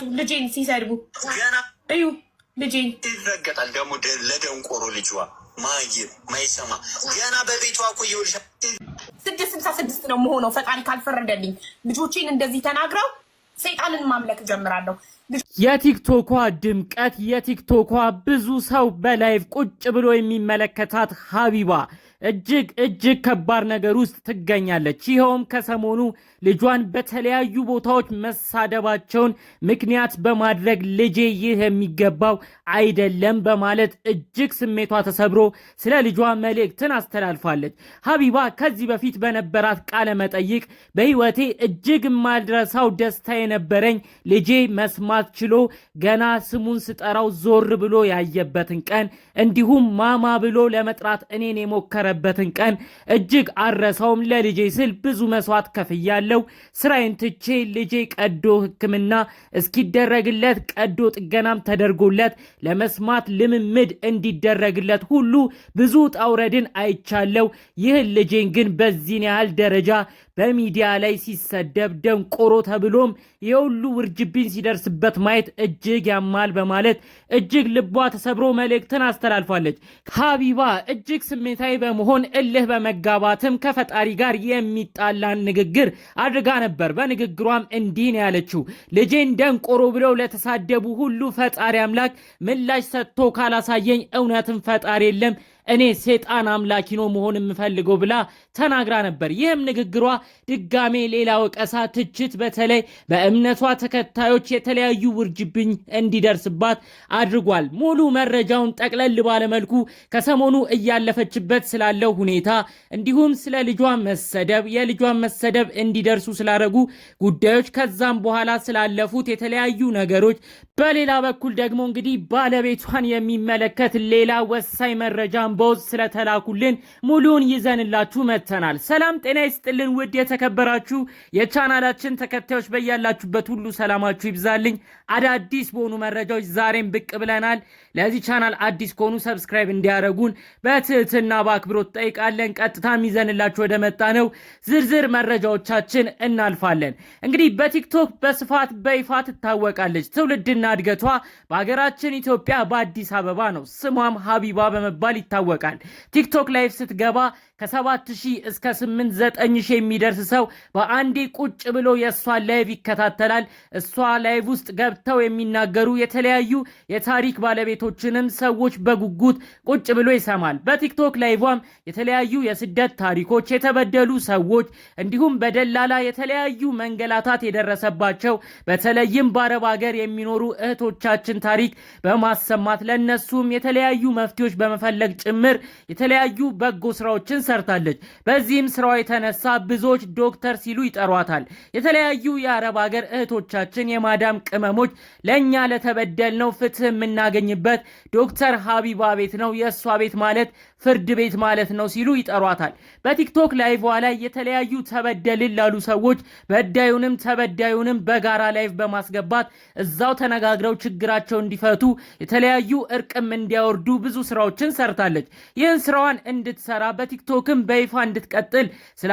ተመልከቱ ልጄን ሲሰድቡ እዩ። ልጄን ይረገጣል ደግሞ ለደንቆሮ ልጅዋ ማየ ማይሰማ ገና በቤቷ ቆየውልሻ ስድስት ስልሳ ስድስት ነው መሆነው ፈጣሪ ካልፈረደልኝ ልጆቼን እንደዚህ ተናግረው ሰይጣንን ማምለክ ጀምራለሁ። የቲክቶኳ ድምቀት የቲክቶኳ ብዙ ሰው በላይቭ ቁጭ ብሎ የሚመለከታት ሀቢባ እጅግ እጅግ ከባድ ነገር ውስጥ ትገኛለች። ይኸውም ከሰሞኑ ልጇን በተለያዩ ቦታዎች መሳደባቸውን ምክንያት በማድረግ ልጄ ይህ የሚገባው አይደለም በማለት እጅግ ስሜቷ ተሰብሮ ስለ ልጇ መልእክትን አስተላልፋለች። ሀቢባ ከዚህ በፊት በነበራት ቃለ መጠይቅ በሕይወቴ እጅግ የማልረሳው ደስታ የነበረኝ ልጄ መስማት ችሎ ገና ስሙን ስጠራው ዞር ብሎ ያየበትን ቀን እንዲሁም ማማ ብሎ ለመጥራት እኔን የሞከረ የነበረበትን ቀን እጅግ አረሰውም ለልጄ ስል ብዙ መስዋዕት ከፍያለው። ስራዬን ትቼ ልጄ ቀዶ ሕክምና እስኪደረግለት ቀዶ ጥገናም ተደርጎለት ለመስማት ልምምድ እንዲደረግለት ሁሉ ብዙ ጣውረድን አይቻለሁ አይቻለው። ይህን ልጄን ግን በዚህን ያህል ደረጃ በሚዲያ ላይ ሲሰደብ ደንቆሮ ተብሎም የሁሉ ውርጅብኝ ሲደርስበት ማየት እጅግ ያማል በማለት እጅግ ልቧ ተሰብሮ መልእክትን አስተላልፋለች። ሀቢባ እጅግ ስሜታዊ በመሆ በመሆን እልህ በመጋባትም ከፈጣሪ ጋር የሚጣላን ንግግር አድርጋ ነበር። በንግግሯም እንዲህ ነው ያለችው፣ ልጄን ደንቆሮ ብለው ለተሳደቡ ሁሉ ፈጣሪ አምላክ ምላሽ ሰጥቶ ካላሳየኝ እውነትም ፈጣሪ የለም እኔ ሴጣን አምላኪ ነው መሆን የምፈልገው ብላ ተናግራ ነበር። ይህም ንግግሯ ድጋሜ ሌላ ወቀሳ፣ ትችት በተለይ በእምነቷ ተከታዮች የተለያዩ ውርጅብኝ እንዲደርስባት አድርጓል። ሙሉ መረጃውን ጠቅለል ባለመልኩ ከሰሞኑ እያለፈችበት ስላለው ሁኔታ እንዲሁም ስለ ልጇ መሰደብ የልጇን መሰደብ እንዲደርሱ ስላደረጉ ጉዳዮች ከዛም በኋላ ስላለፉት የተለያዩ ነገሮች በሌላ በኩል ደግሞ እንግዲህ ባለቤቷን የሚመለከት ሌላ ወሳኝ መረጃ አምቦዝ ስለተላኩልን ሙሉውን ይዘንላችሁ መጥተናል። ሰላም ጤና ይስጥልን ውድ የተከበራችሁ የቻናላችን ተከታዮች በያላችሁበት ሁሉ ሰላማችሁ ይብዛልኝ። አዳዲስ በሆኑ መረጃዎች ዛሬም ብቅ ብለናል። ለዚህ ቻናል አዲስ ከሆኑ ሰብስክራይብ እንዲያደረጉን በትህትና በአክብሮት ጠይቃለን። ቀጥታም ይዘንላችሁ ወደ መጣ ነው ዝርዝር መረጃዎቻችን እናልፋለን። እንግዲህ በቲክቶክ በስፋት በይፋ ትታወቃለች። ትውልድና እድገቷ በሀገራችን ኢትዮጵያ በአዲስ አበባ ነው። ስሟም ሀቢባ በመባል ይታወቃል። ይታወቃል። ቲክቶክ ላይቭ ስትገባ ከ7000 እስከ 8900 የሚደርስ ሰው በአንዴ ቁጭ ብሎ የእሷን ላይቭ ይከታተላል። እሷ ላይቭ ውስጥ ገብተው የሚናገሩ የተለያዩ የታሪክ ባለቤቶችንም ሰዎች በጉጉት ቁጭ ብሎ ይሰማል። በቲክቶክ ላይቭም የተለያዩ የስደት ታሪኮች፣ የተበደሉ ሰዎች እንዲሁም በደላላ የተለያዩ መንገላታት የደረሰባቸው በተለይም በአረብ ሀገር የሚኖሩ እህቶቻችን ታሪክ በማሰማት ለነሱም የተለያዩ መፍትሄዎች በመፈለግ ጭምር የተለያዩ በጎ ስራዎችን ሰርታለች። በዚህም ስራዋ የተነሳ ብዙዎች ዶክተር ሲሉ ይጠሯታል። የተለያዩ የአረብ ሀገር እህቶቻችን የማዳም ቅመሞች ለእኛ ለተበደልነው ፍትህ የምናገኝበት ዶክተር ሀቢባ ቤት ነው። የእሷ ቤት ማለት ፍርድ ቤት ማለት ነው ሲሉ ይጠሯታል። በቲክቶክ ላይቭ ላይ የተለያዩ ተበደልን ላሉ ሰዎች በዳዩንም ተበዳዩንም በጋራ ላይቭ በማስገባት እዛው ተነጋግረው ችግራቸው እንዲፈቱ የተለያዩ እርቅም እንዲያወርዱ ብዙ ስራዎችን ሰርታለች። ይህን ስራዋን እንድትሰራ በቲክቶክም በይፋ እንድትቀጥል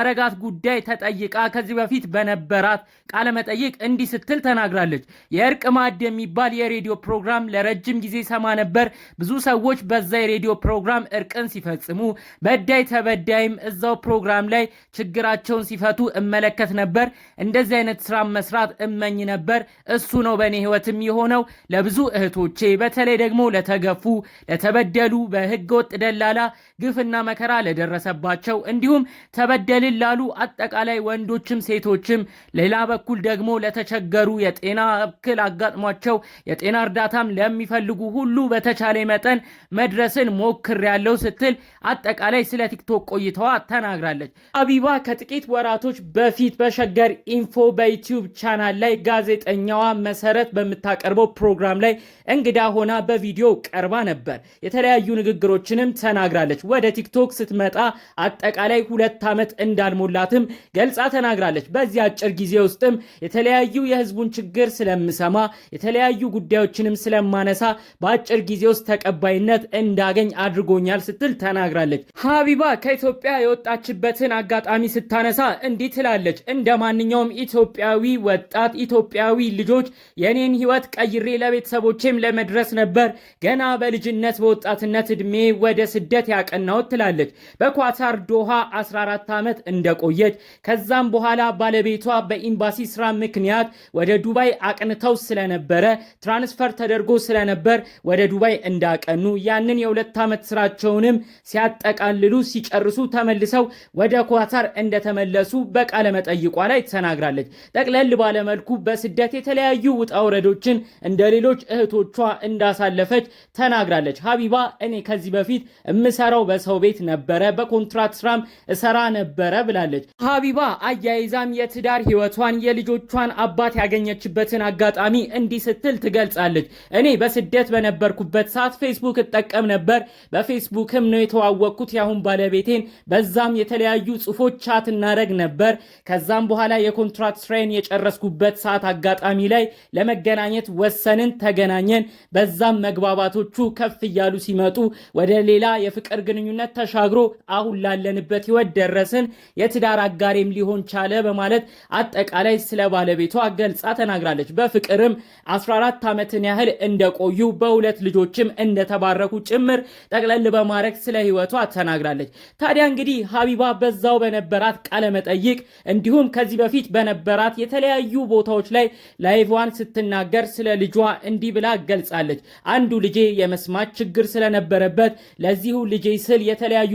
አረጋት ጉዳይ ተጠይቃ ከዚህ በፊት በነበራት ቃለመጠይቅ እንዲህ ስትል ተናግራለች። የእርቅ ማዕድ የሚባል የሬዲዮ ፕሮግራም ለረጅም ጊዜ ሰማ ነበር። ብዙ ሰዎች በዛ የሬዲዮ ፕሮግራም እርቅን ሲፈጽሙ በዳይ ተበዳይም እዛው ፕሮግራም ላይ ችግራቸውን ሲፈቱ እመለከት ነበር። እንደዚህ አይነት ስራ መስራት እመኝ ነበር። እሱ ነው በእኔ ህይወትም የሆነው። ለብዙ እህቶቼ በተለይ ደግሞ ለተገፉ፣ ለተበደሉ በህገ ወጥ ደላላ ግፍና መከራ ለደረሰባቸው እንዲሁም ተበደልን ላሉ አጠቃላይ ወንዶችም ሴቶችም፣ ሌላ በኩል ደግሞ ለተቸገሩ የጤና እክል አጋጥሟቸው የጤና እርዳታም ለሚፈልጉ ሁሉ በተቻለ መጠን መድረስን ሞክር ያለው ስትል አጠቃላይ ስለ ቲክቶክ ቆይታዋ ተናግራለች። አቢባ ከጥቂት ወራቶች በፊት በሸገር ኢንፎ በዩቲዩብ ቻናል ላይ ጋዜጠኛዋ መሰረት በምታቀርበው ፕሮግራም ላይ እንግዳ ሆና በቪዲዮ ቀርባ ነበር። የተለያዩ ንግግሮችንም ተናግራለች። ወደ ቲክቶክ ስትመጣ አጠቃላይ ሁለት ዓመት እንዳልሞላትም ገልጻ ተናግራለች። በዚህ አጭር ጊዜ ውስጥም የተለያዩ የህዝቡን ችግር ስለምሰማ የተለያዩ ጉዳዮችንም ስለማነሳ በአጭር ጊዜ ውስጥ ተቀባይነት እንዳገኝ አድርጎኛል ስትል ተናግራለች። ሀቢባ ከኢትዮጵያ የወጣችበትን አጋጣሚ ስታነሳ እንዲህ ትላለች። እንደ ማንኛውም ኢትዮጵያዊ ወጣት ኢትዮጵያዊ ልጆች የኔን ህይወት ቀይሬ ለቤተሰቦቼም ለመድረስ ነበር ገና በልጅነት በወጣትነት እድሜ ወደ ስደት ያቀን አጠናሁት ትላለች። በኳታር ዶሃ 14 ዓመት እንደቆየች ከዛም በኋላ ባለቤቷ በኤምባሲ ስራ ምክንያት ወደ ዱባይ አቅንተው ስለነበረ ትራንስፈር ተደርጎ ስለነበር ወደ ዱባይ እንዳቀኑ ያንን የሁለት ዓመት ስራቸውንም ሲያጠቃልሉ ሲጨርሱ ተመልሰው ወደ ኳታር እንደተመለሱ በቃለመጠይቋ ላይ ተናግራለች። ጠቅለል ባለመልኩ በስደት የተለያዩ ውጣ ውረዶችን እንደ ሌሎች እህቶቿ እንዳሳለፈች ተናግራለች። ሀቢባ እኔ ከዚህ በፊት የምሰራው ስራው በሰው ቤት ነበረ፣ በኮንትራት ስራም እሰራ ነበረ ብላለች። ሀቢባ አያይዛም የትዳር ህይወቷን የልጆቿን አባት ያገኘችበትን አጋጣሚ እንዲህ ስትል ትገልጻለች። እኔ በስደት በነበርኩበት ሰዓት ፌስቡክ እጠቀም ነበር። በፌስቡክም ነው የተዋወቅኩት ያሁን ባለቤቴን። በዛም የተለያዩ ጽሁፎች ቻት እናደረግ ነበር። ከዛም በኋላ የኮንትራት ስራዬን የጨረስኩበት ሰዓት አጋጣሚ ላይ ለመገናኘት ወሰንን። ተገናኘን። በዛም መግባባቶቹ ከፍ እያሉ ሲመጡ ወደ ሌላ የፍቅር ግንኙነት ተሻግሮ አሁን ላለንበት ህይወት ደረስን፣ የትዳር አጋሬም ሊሆን ቻለ በማለት አጠቃላይ ስለ ባለቤቷ ገልጻ ተናግራለች። በፍቅርም 14 ዓመትን ያህል እንደቆዩ በሁለት ልጆችም እንደተባረኩ ጭምር ጠቅለል በማድረግ ስለ ህይወቷ ተናግራለች። ታዲያ እንግዲህ ሀቢባ በዛው በነበራት ቃለመጠይቅ እንዲሁም ከዚህ በፊት በነበራት የተለያዩ ቦታዎች ላይ ላይቭዋን ስትናገር ስለ ልጇ እንዲህ ብላ ገልጻለች። አንዱ ልጄ የመስማት ችግር ስለነበረበት ለዚሁ ልጄ ስል የተለያዩ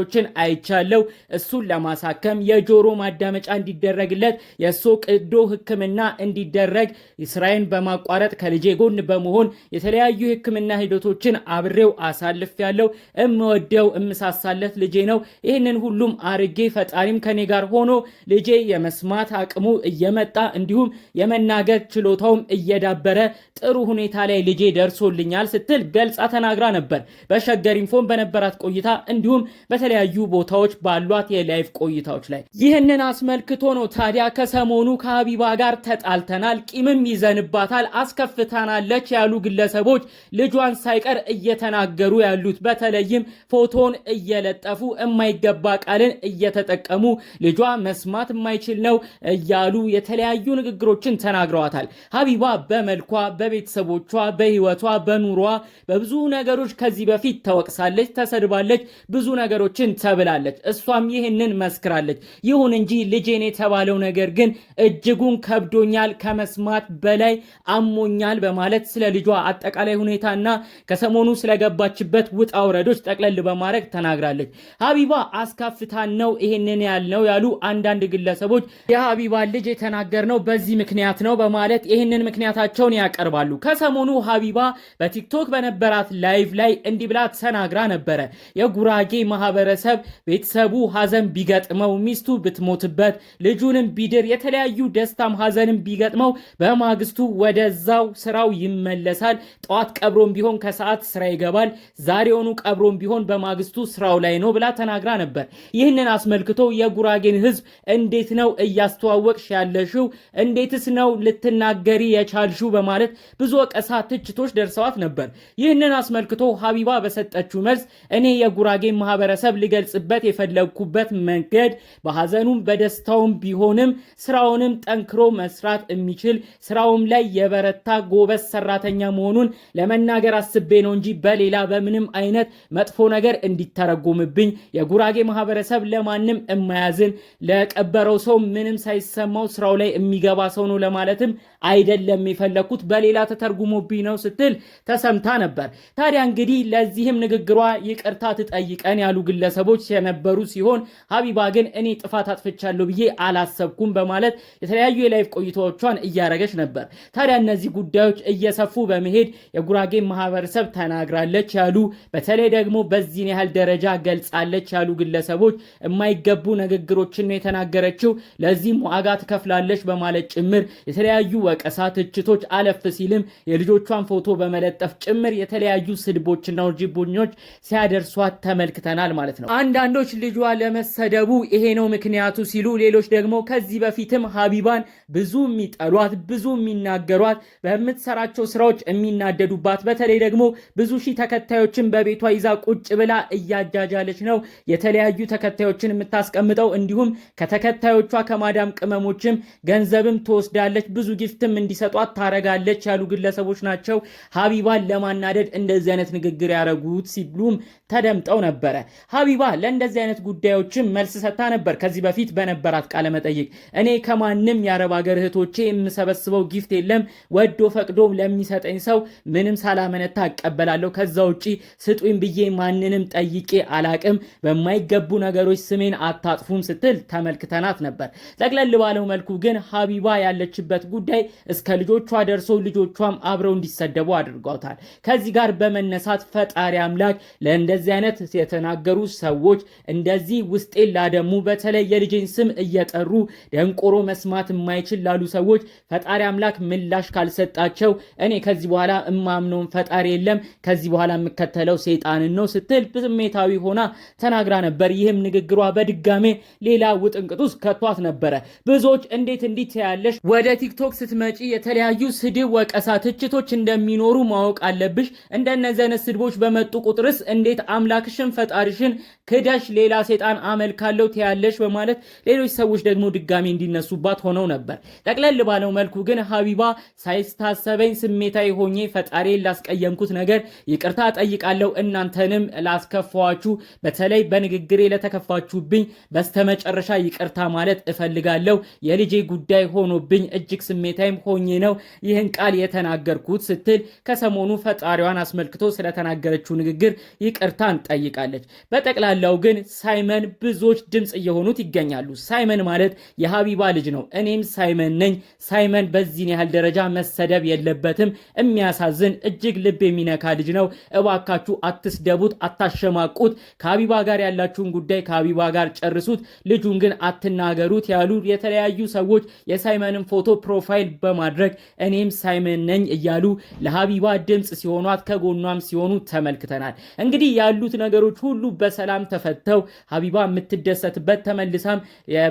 ውጣ አይቻለው። እሱን ለማሳከም የጆሮ ማዳመጫ እንዲደረግለት የእሱ ቅዶ ሕክምና እንዲደረግ ስራዬን በማቋረጥ ከልጄ ጎን በመሆን የተለያዩ የሕክምና ሂደቶችን አብሬው አሳልፍ ያለው እምወደው እምሳሳለት ልጄ ነው። ይህንን ሁሉም አርጌ ፈጣሪም ከኔ ጋር ሆኖ ልጄ የመስማት አቅሙ እየመጣ እንዲሁም የመናገር ችሎታውም እየዳበረ ጥሩ ሁኔታ ላይ ልጄ ደርሶልኛል ስትል ገልጻ ተናግራ ነበር። በሸገር ኢንፎም በነበራት ቆይታ እንዲሁም በተለያዩ ቦታዎች ባሏት የላይቭ ቆይታዎች ላይ ይህንን አስመልክቶ ነው ታዲያ ከሰሞኑ ከሀቢባ ጋር ተጣልተናል፣ ቂምም ይዘንባታል፣ አስከፍታናለች ያሉ ግለሰቦች ልጇን ሳይቀር እየተናገሩ ያሉት። በተለይም ፎቶን እየለጠፉ የማይገባ ቃልን እየተጠቀሙ ልጇ መስማት የማይችል ነው እያሉ የተለያዩ ንግግሮችን ተናግረዋታል። ሀቢባ በመልኳ፣ በቤተሰቦቿ፣ በህይወቷ፣ በኑሯ በብዙ ነገሮች ከዚህ በፊት ተወቅሳለች፣ ተሰድባ ተብላለች፣ ብዙ ነገሮችን ተብላለች። እሷም ይህንን መስክራለች። ይሁን እንጂ ልጄን የተባለው ነገር ግን እጅጉን ከብዶኛል፣ ከመስማት በላይ አሞኛል በማለት ስለ ልጇ አጠቃላይ ሁኔታና ከሰሞኑ ስለገባችበት ውጣ ውረዶች ጠቅለል በማድረግ ተናግራለች። ሀቢባ አስካፍታ ነው ይህንን ያልነው ያሉ አንዳንድ ግለሰቦች የሀቢባ ልጅ የተናገርነው በዚህ ምክንያት ነው በማለት ይህንን ምክንያታቸውን ያቀርባሉ። ከሰሞኑ ሀቢባ በቲክቶክ በነበራት ላይቭ ላይ እንዲህ ብላ ተናግራ ነበረ። የጉራጌ ማህበረሰብ ቤተሰቡ ሀዘን ቢገጥመው፣ ሚስቱ ብትሞትበት፣ ልጁንም ቢድር፣ የተለያዩ ደስታም ሀዘንም ቢገጥመው በማግስቱ ወደዛው ስራው ይመለሳል። ጠዋት ቀብሮም ቢሆን ከሰዓት ስራ ይገባል። ዛሬውኑ ቀብሮም ቢሆን በማግስቱ ስራው ላይ ነው ብላ ተናግራ ነበር። ይህንን አስመልክቶ የጉራጌን ህዝብ እንዴት ነው እያስተዋወቅሽ ያለሽው? እንዴትስ ነው ልትናገሪ የቻልሽው? በማለት ብዙ ወቀሳ፣ ትችቶች ደርሰዋት ነበር። ይህንን አስመልክቶ ሀቢባ በሰጠችው መልስ እኔ የጉራጌ ማህበረሰብ ልገልጽበት የፈለግኩበት መንገድ በሐዘኑም በደስታውም ቢሆንም ስራውንም ጠንክሮ መስራት የሚችል ስራውም ላይ የበረታ ጎበዝ ሰራተኛ መሆኑን ለመናገር አስቤ ነው እንጂ በሌላ በምንም አይነት መጥፎ ነገር እንዲተረጎምብኝ የጉራጌ ማህበረሰብ ለማንም የማያዝን ለቀበረው ሰው ምንም ሳይሰማው ስራው ላይ የሚገባ ሰው ነው ለማለትም አይደለም የፈለግኩት በሌላ ተተርጉሞብኝ ነው ስትል ተሰምታ ነበር። ታዲያ እንግዲህ ለዚህም ንግግሯ ይቅርታ ትጠይቀን ያሉ ግለሰቦች የነበሩ ሲሆን ሀቢባ ግን እኔ ጥፋት አጥፍቻለሁ ብዬ አላሰብኩም በማለት የተለያዩ የላይፍ ቆይታዎቿን እያረገች ነበር። ታዲያ እነዚህ ጉዳዮች እየሰፉ በመሄድ የጉራጌ ማህበረሰብ ተናግራለች ያሉ በተለይ ደግሞ በዚህን ያህል ደረጃ ገልጻለች ያሉ ግለሰቦች የማይገቡ ንግግሮችን ነው የተናገረችው፣ ለዚህም ዋጋ ትከፍላለች በማለት ጭምር የተለያዩ ወቀሳ፣ ትችቶች አለፍ ሲልም የልጆቿን ፎቶ በመለጠፍ ጭምር የተለያዩ ስድቦችና ውርጅብኞች ሲያደርሱ እሷ ተመልክተናል ማለት ነው። አንዳንዶች ልጇ ለመሰደቡ ይሄ ነው ምክንያቱ ሲሉ፣ ሌሎች ደግሞ ከዚህ በፊትም ሀቢባን ብዙ የሚጠሏት ብዙ የሚናገሯት በምትሰራቸው ስራዎች የሚናደዱባት በተለይ ደግሞ ብዙ ሺህ ተከታዮችን በቤቷ ይዛ ቁጭ ብላ እያጃጃለች ነው የተለያዩ ተከታዮችን የምታስቀምጠው። እንዲሁም ከተከታዮቿ ከማዳም ቅመሞችም ገንዘብም ትወስዳለች፣ ብዙ ጊፍትም እንዲሰጧት ታረጋለች ያሉ ግለሰቦች ናቸው ሀቢባን ለማናደድ እንደዚህ አይነት ንግግር ያደረጉት ሲሉም ተደምጠው ነበረ። ሀቢባ ለእንደዚህ አይነት ጉዳዮችም መልስ ሰጥታ ነበር። ከዚህ በፊት በነበራት ቃለመጠይቅ እኔ ከማንም የአረብ ሀገር እህቶቼ የምሰበስበው ጊፍት የለም፣ ወዶ ፈቅዶ ለሚሰጠኝ ሰው ምንም ሳላመነታ እቀበላለሁ። ከዛ ውጪ ስጡኝ ብዬ ማንንም ጠይቄ አላቅም። በማይገቡ ነገሮች ስሜን አታጥፉም ስትል ተመልክተናት ነበር። ጠቅለል ባለው መልኩ ግን ሀቢባ ያለችበት ጉዳይ እስከ ልጆቿ ደርሶ ልጆቿም አብረው እንዲሰደቡ አድርጓታል። ከዚህ ጋር በመነሳት ፈጣሪ አምላክ ለእንደ እንደዚህ አይነት የተናገሩ ሰዎች እንደዚህ ውስጤን ላደሙ በተለይ የልጅን ስም እየጠሩ ደንቆሮ መስማት የማይችል ላሉ ሰዎች ፈጣሪ አምላክ ምላሽ ካልሰጣቸው እኔ ከዚህ በኋላ እማምነውን ፈጣሪ የለም ከዚህ በኋላ የምከተለው ሰይጣንን ነው ስትል ስሜታዊ ሆና ተናግራ ነበር። ይህም ንግግሯ በድጋሜ ሌላ ውጥንቅጥ ውስጥ ከቷት ነበረ። ብዙዎች እንዴት እንዲት ያለሽ ወደ ቲክቶክ ስትመጪ የተለያዩ ስድብ፣ ወቀሳ፣ ትችቶች እንደሚኖሩ ማወቅ አለብሽ እንደነዚህ አይነት ስድቦች በመጡ ቁጥርስ እንዴት አምላክሽን ፈጣሪሽን ክደሽ ሌላ ሴጣን አመልካለሁ ትያለሽ በማለት ሌሎች ሰዎች ደግሞ ድጋሚ እንዲነሱባት ሆነው ነበር። ጠቅለል ባለው መልኩ ግን ሀቢባ ሳይስታሰበኝ ስሜታዊ ሆኜ ፈጣሪ ላስቀየምኩት ነገር ይቅርታ ጠይቃለሁ፣ እናንተንም ላስከፋዋችሁ፣ በተለይ በንግግሬ ለተከፋችሁብኝ በስተመጨረሻ ይቅርታ ማለት እፈልጋለሁ። የልጄ ጉዳይ ሆኖብኝ እጅግ ስሜታዊም ሆኜ ነው ይህን ቃል የተናገርኩት ስትል ከሰሞኑ ፈጣሪዋን አስመልክቶ ስለተናገረችው ንግግር ይቅርታን ጠይቃለች በጠቅላላ በጠቅላላው ግን ሳይመን ብዙዎች ድምፅ እየሆኑት ይገኛሉ። ሳይመን ማለት የሀቢባ ልጅ ነው። እኔም ሳይመን ነኝ። ሳይመን በዚህን ያህል ደረጃ መሰደብ የለበትም። የሚያሳዝን እጅግ ልብ የሚነካ ልጅ ነው። እባካችሁ አትስደቡት፣ አታሸማቁት። ከሀቢባ ጋር ያላችሁን ጉዳይ ከሀቢባ ጋር ጨርሱት፣ ልጁን ግን አትናገሩት ያሉ የተለያዩ ሰዎች የሳይመንን ፎቶ ፕሮፋይል በማድረግ እኔም ሳይመን ነኝ እያሉ ለሀቢባ ድምፅ ሲሆኗት ከጎኗም ሲሆኑ ተመልክተናል። እንግዲህ ያሉት ነገሮች ሁሉ በሰላም ተፈተው ሀቢባ የምትደሰትበት ተመልሳም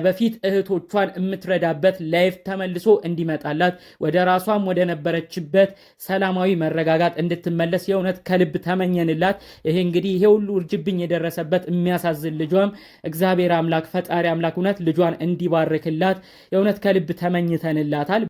በፊት እህቶቿን የምትረዳበት ላይፍ ተመልሶ እንዲመጣላት ወደ ራሷም ወደ ነበረችበት ሰላማዊ መረጋጋት እንድትመለስ የእውነት ከልብ ተመኘንላት። ይሄ እንግዲህ ይሄ ሁሉ እርጅብኝ የደረሰበት የሚያሳዝን ልጇም እግዚአብሔር አምላክ ፈጣሪ አምላክ እውነት ልጇን እንዲባርክላት የእውነት ከልብ ተመኝተንላታል።